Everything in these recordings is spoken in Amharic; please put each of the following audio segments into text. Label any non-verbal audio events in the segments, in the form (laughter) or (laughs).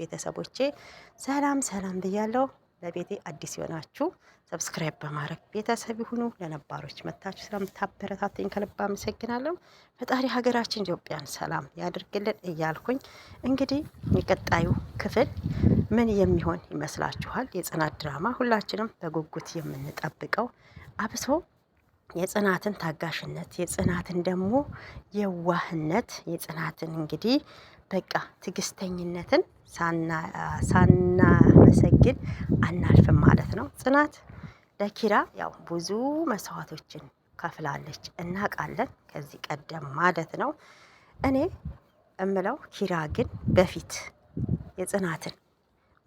ቤተሰቦቼ ሰላም ሰላም ብያለሁ። ለቤቴ አዲስ የሆናችሁ ሰብስክራይብ በማድረግ ቤተሰብ ይሁኑ። ለነባሮች መታችሁ ስለምታበረታትኝ ከልብ አመሰግናለሁ። ፈጣሪ ሀገራችን ኢትዮጵያን ሰላም ያድርግልን እያልኩኝ እንግዲህ የቀጣዩ ክፍል ምን የሚሆን ይመስላችኋል? የጽናት ድራማ ሁላችንም በጉጉት የምንጠብቀው አብሶ የጽናትን ታጋሽነት የጽናትን ደግሞ የዋህነት የጽናትን እንግዲህ በቃ ትዕግስተኝነትን ሳናመሰግን አናልፍም ማለት ነው። ጽናት ለኪራ ያው ብዙ መስዋዕቶችን ከፍላለች እናውቃለን፣ ከዚህ ቀደም ማለት ነው። እኔ እምለው ኪራ ግን በፊት የጽናትን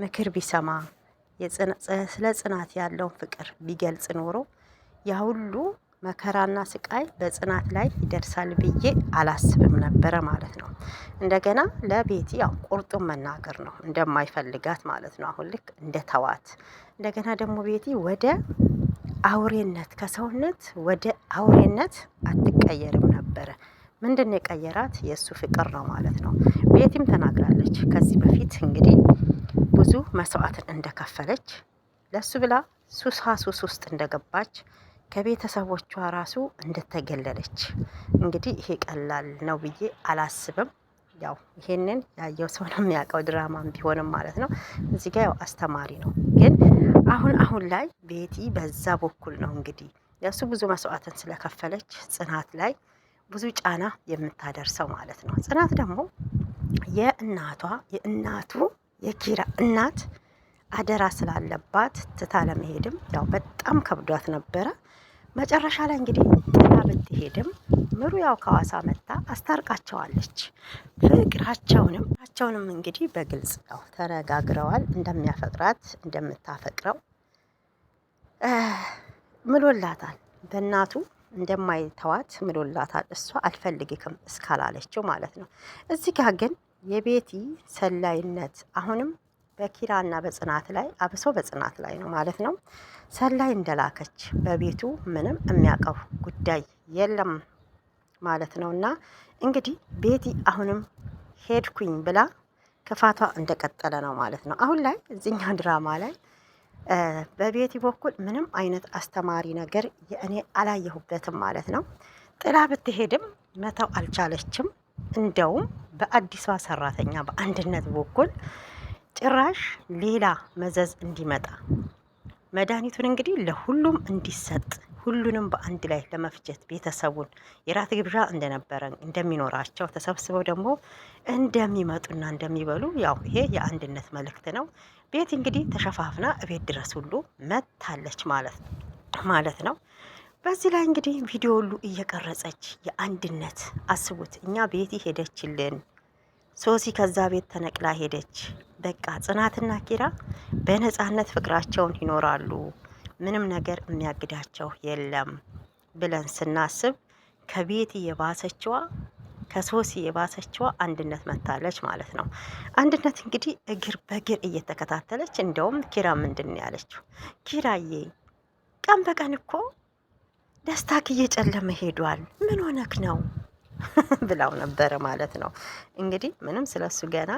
ምክር ቢሰማ ስለ ጽናት ያለውን ፍቅር ቢገልጽ ኖሮ ያ ሁሉ መከራና ስቃይ በጽናት ላይ ይደርሳል ብዬ አላስብም ነበረ ማለት ነው። እንደገና ለቤቲ ያው ቁርጡን መናገር ነው እንደማይፈልጋት ማለት ነው። አሁን ልክ እንደ ተዋት እንደገና ደግሞ ቤቲ ወደ አውሬነት ከሰውነት ወደ አውሬነት አትቀየርም ነበረ። ምንድን ነው የቀየራት? የእሱ ፍቅር ነው ማለት ነው። ቤቲም ተናግራለች ከዚህ በፊት እንግዲህ ብዙ መስዋዕትን እንደከፈለች ለእሱ ብላ ሱሳ ሱስ ውስጥ እንደገባች ከቤተሰቦቿ ራሱ እንደተገለለች። እንግዲህ ይሄ ቀላል ነው ብዬ አላስብም። ያው ይሄንን ያየው ሰው ነው የሚያውቀው፣ ድራማም ቢሆንም ማለት ነው። እዚህ ጋ ያው አስተማሪ ነው። ግን አሁን አሁን ላይ ቤቲ በዛ በኩል ነው እንግዲህ የእሱ ብዙ መስዋዕትን ስለከፈለች ጽናት ላይ ብዙ ጫና የምታደርሰው ማለት ነው። ጽናት ደግሞ የእናቷ የእናቱ የኪራ እናት አደራ ስላለባት ትታ ለመሄድም ያው በጣም ከብዷት ነበረ። መጨረሻ ላይ እንግዲህ ጥላ ብትሄድም ምሩ ያው ከዋሳ መጣ አስታርቃቸዋለች። ፍቅራቸውንም ቸውንም እንግዲህ በግልጽ ያው ተነጋግረዋል እንደሚያፈቅራት እንደምታፈቅረው ምሎላታል። በእናቱ እንደማይተዋት ምሎላታል። እሷ አልፈልግክም እስካላለችው ማለት ነው። እዚህ ጋር ግን የቤቲ ሰላይነት አሁንም እና በጽናት ላይ አብሶ በጽናት ላይ ነው ማለት ነው። ሰላይ እንደላከች በቤቱ ምንም የሚያውቀው ጉዳይ የለም ማለት ነው። እና እንግዲህ ቤቲ አሁንም ሄድኩኝ ብላ ክፋቷ እንደቀጠለ ነው ማለት ነው። አሁን ላይ እዚኛ ድራማ ላይ በቤቲ በኩል ምንም አይነት አስተማሪ ነገር እኔ አላየሁበትም ማለት ነው። ጥላ ብትሄድም መተው አልቻለችም። እንደውም በአዲሷ ሰራተኛ በአንድነት በኩል ጭራሽ ሌላ መዘዝ እንዲመጣ መድኃኒቱን እንግዲህ ለሁሉም እንዲሰጥ ሁሉንም በአንድ ላይ ለመፍጀት ቤተሰቡን የራት ግብዣ እንደነበረ እንደሚኖራቸው ተሰብስበው ደግሞ እንደሚመጡና እንደሚበሉ ያው ይሄ የአንድነት መልእክት ነው። ቤት እንግዲህ ተሸፋፍና እቤት ድረስ ሁሉ መታለች ማለት ማለት ነው። በዚህ ላይ እንግዲህ ቪዲዮ ሁሉ እየቀረጸች የአንድነት አስቡት። እኛ ቤቲ ሄደችልን ሶሲ ከዛ ቤት ተነቅላ ሄደች። በቃ ጽናትና ኪራ በነጻነት ፍቅራቸውን ይኖራሉ፣ ምንም ነገር የሚያግዳቸው የለም ብለን ስናስብ ከቤት የባሰችዋ ከሶሲ የባሰችዋ አንድነት መታለች ማለት ነው። አንድነት እንግዲህ እግር በእግር እየተከታተለች እንደውም ኪራ ምንድን ያለችው? ኪራዬ ቀን በቀን እኮ ደስታክ እየጨለመ ሄዷል። ምን ሆነክ ነው (laughs) ብላው ነበረ ማለት ነው። እንግዲህ ምንም ስለሱ ገና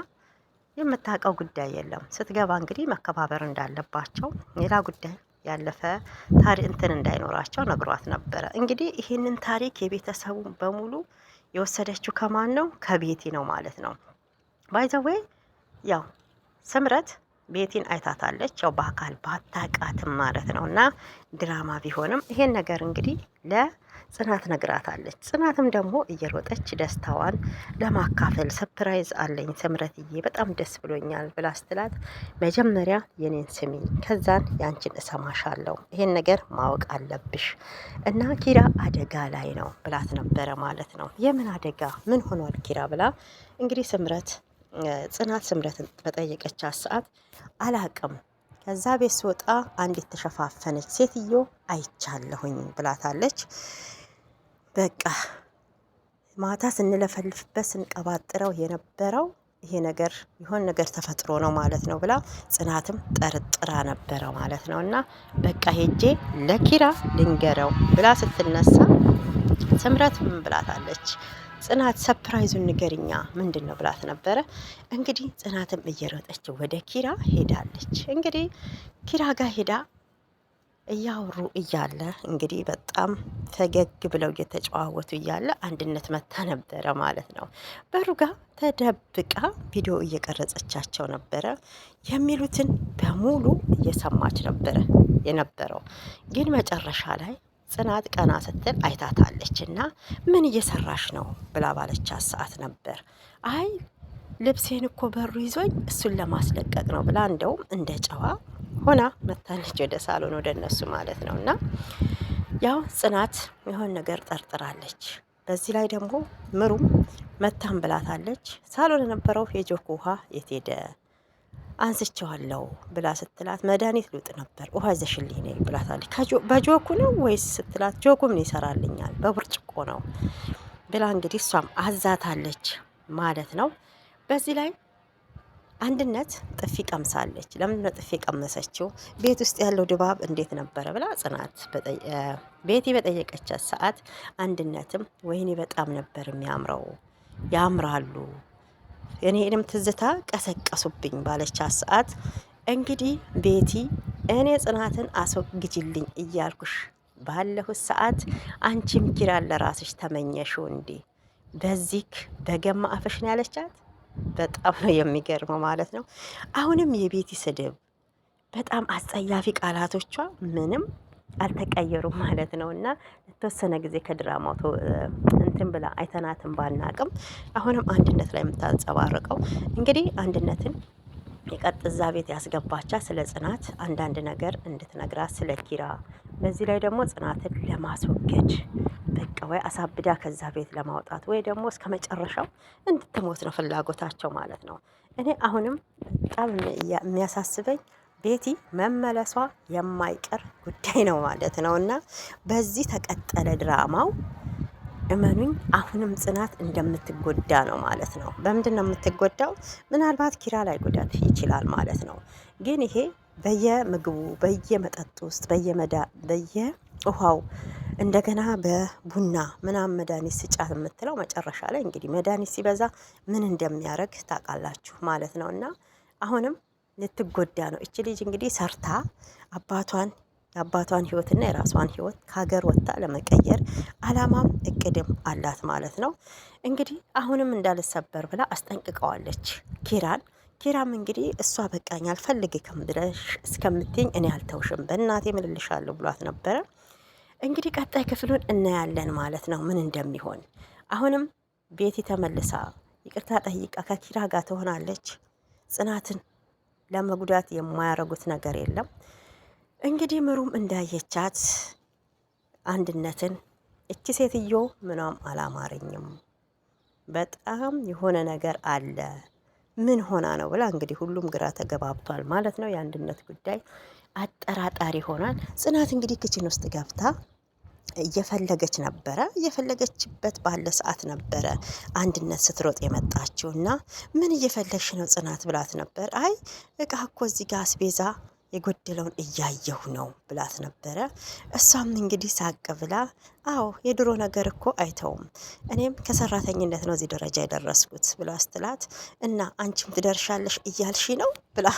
የምታውቀው ጉዳይ የለም። ስትገባ እንግዲህ መከባበር እንዳለባቸው ሌላ ጉዳይ ያለፈ ታሪክ እንትን እንዳይኖራቸው ነግሯት ነበረ። እንግዲህ ይህንን ታሪክ የቤተሰቡ በሙሉ የወሰደችው ከማን ነው? ከቤቲ ነው ማለት ነው። ባይዘዌ ያው ስምረት ቤቲን አይታታለች፣ ያው በአካል ባታቃትም ማለት ነው። እና ድራማ ቢሆንም ይሄን ነገር እንግዲህ ለ ጽናት ነግራታለች። ጽናትም ደግሞ እየሮጠች ደስታዋን ለማካፈል ሰፕራይዝ አለኝ ስምረትዬ፣ በጣም ደስ ብሎኛል ብላ ስትላት መጀመሪያ የኔን ስሚ፣ ከዛን ያንቺን እሰማሻለሁ፣ ይሄን ነገር ማወቅ አለብሽ እና ኪራ አደጋ ላይ ነው ብላት ነበረ ማለት ነው። የምን አደጋ? ምን ሆኗል ኪራ ብላ እንግዲህ ስምረት ጽናት ስምረትን በጠየቀቻት ሰዓት አላቅም ከዛ ቤት ስወጣ አንዲት ተሸፋፈነች ሴትዮ አይቻለሁኝ ብላታለች። በቃ ማታ ስንለፈልፍበት ስንቀባጥረው የነበረው ይሄ ነገር ይሆን ነገር ተፈጥሮ ነው ማለት ነው ብላ ጽናትም ጠርጥራ ነበረ ማለት ነው። እና በቃ ሄጄ ለኪራ ልንገረው ብላ ስትነሳ ስምረት ምን ብላታለች? ጽናት ሰፕራይዙን ንገርኛ ምንድን ነው ብላት ነበረ። እንግዲህ ጽናትም እየሮጠች ወደ ኪራ ሄዳለች። እንግዲህ ኪራ ጋር ሄዳ እያወሩ እያለ እንግዲህ በጣም ፈገግ ብለው እየተጨዋወቱ እያለ አንድነት መታ ነበረ ማለት ነው። በሩ ጋር ተደብቃ ቪዲዮ እየቀረጸቻቸው ነበረ። የሚሉትን በሙሉ እየሰማች ነበረ የነበረው። ግን መጨረሻ ላይ ጽናት ቀና ስትል አይታታለች እና ምን እየሰራሽ ነው ብላ ባለቻት ሰዓት ነበር አይ ልብሴን እኮ በሩ ይዞኝ እሱን ለማስለቀቅ ነው ብላ እንደውም እንደ ጨዋ ሆና መታለች ወደ ሳሎን ወደ እነሱ ማለት ነው። እና ያው ጽናት የሆን ነገር ጠርጥራለች። በዚህ ላይ ደግሞ ምሩም መታን ብላታለች። ሳሎን የነበረው የጆክ ውሃ የት ሄደ አንስቼዋለሁ ብላ ስትላት መድኃኒት ልውጥ ነበር ውሃ ይዘሽልኝ ነይ ብላታለች። በጆኩ ነው ወይስ ስትላት ጆኩ ምን ይሰራልኛል በብርጭቆ ነው ብላ እንግዲህ እሷም አዛታለች ማለት ነው። በዚህ ላይ አንድነት ጥፊ ቀምሳለች። ለምንድን ነው ጥፊ ቀመሰችው? ቤት ውስጥ ያለው ድባብ እንዴት ነበረ ብላ ጽናት ቤቲ በጠየቀቻት ሰዓት አንድነትም ወይኔ በጣም ነበር የሚያምረው፣ ያምራሉ፣ እኔንም ትዝታ ቀሰቀሱብኝ ባለቻት ሰዓት እንግዲህ ቤቲ እኔ ጽናትን አስወግጅልኝ እያልኩሽ ባለሁት ሰዓት አንቺም ኪራን ለራስሽ ተመኘሽው እንዴ? በዚህ በገማ አፈሽን ያለቻት። በጣም ነው የሚገርመው ማለት ነው። አሁንም የቤቲ ስድብ በጣም አስጸያፊ ቃላቶቿ ምንም አልተቀየሩም ማለት ነው። እና የተወሰነ ጊዜ ከድራማው እንትን ብላ አይተናትን ባናቅም አሁንም አንድነት ላይ የምታንጸባርቀው እንግዲህ አንድነትን የቀጥ እዛ ቤት ያስገባቻ ስለ ጽናት አንዳንድ ነገር እንድትነግራት ስለ ኪራ፣ በዚህ ላይ ደግሞ ጽናትን ለማስወገድ በቃ ወይ አሳብዳ ከዛ ቤት ለማውጣት ወይ ደግሞ እስከ መጨረሻው እንድትሞት ነው ፍላጎታቸው ማለት ነው። እኔ አሁንም በጣም የሚያሳስበኝ ቤቲ መመለሷ የማይቀር ጉዳይ ነው ማለት ነው። እና በዚህ ተቀጠለ ድራማው እመኑኝ አሁንም ጽናት እንደምትጎዳ ነው ማለት ነው። በምንድን ነው የምትጎዳው? ምናልባት ኪራ ላይ ጉዳት ይችላል ማለት ነው። ግን ይሄ በየምግቡ በየመጠጡ ውስጥ በየመዳ በየውሃው እንደገና በቡና ምናምን መድኃኒት ስጫት የምትለው መጨረሻ ላይ እንግዲህ መድኃኒት ሲበዛ ምን እንደሚያደርግ ታውቃላችሁ ማለት ነው። እና አሁንም ልትጎዳ ነው እች ልጅ እንግዲህ ሰርታ አባቷን የአባቷን ህይወትና የራሷን ህይወት ከሀገር ወጥታ ለመቀየር አላማም እቅድም አላት ማለት ነው። እንግዲህ አሁንም እንዳልሰበር ብላ አስጠንቅቀዋለች ኪራን። ኪራም እንግዲህ እሷ በቃኝ አልፈልግም ከምድረሽ እስከምትኝ እኔ አልተውሽም በእናቴ ምልልሻለሁ ብሏት ነበረ። እንግዲህ ቀጣይ ክፍሉን እናያለን ማለት ነው፣ ምን እንደሚሆን። አሁንም ቤቲ ተመልሳ ይቅርታ ጠይቃ ከኪራ ጋር ትሆናለች። ጽናትን ለመጉዳት የማያረጉት ነገር የለም። እንግዲህ ምሩም እንዳየቻት አንድነትን እቺ ሴትዮ ምኗም አላማረኝም፣ በጣም የሆነ ነገር አለ፣ ምን ሆና ነው ብላ እንግዲህ ሁሉም ግራ ተገባብቷል ማለት ነው። የአንድነት ጉዳይ አጠራጣሪ ሆኗል። ጽናት እንግዲህ ክችን ውስጥ ገብታ እየፈለገች ነበረ። እየፈለገችበት ባለ ሰዓት ነበረ አንድነት ስትሮጥ የመጣችው እና ምን እየፈለግሽ ነው ጽናት ብላት ነበር። አይ እቃ እኮ እዚህ ጋር አስቤዛ የጎደለውን እያየሁ ነው ብላት ነበረ። እሷም እንግዲህ ሳቅ ብላ አዎ የድሮ ነገር እኮ አይተውም፣ እኔም ከሰራተኝነት ነው እዚህ ደረጃ የደረስኩት ብላ ስትላት እና አንቺም ትደርሻለሽ እያልሽ ነው ብላ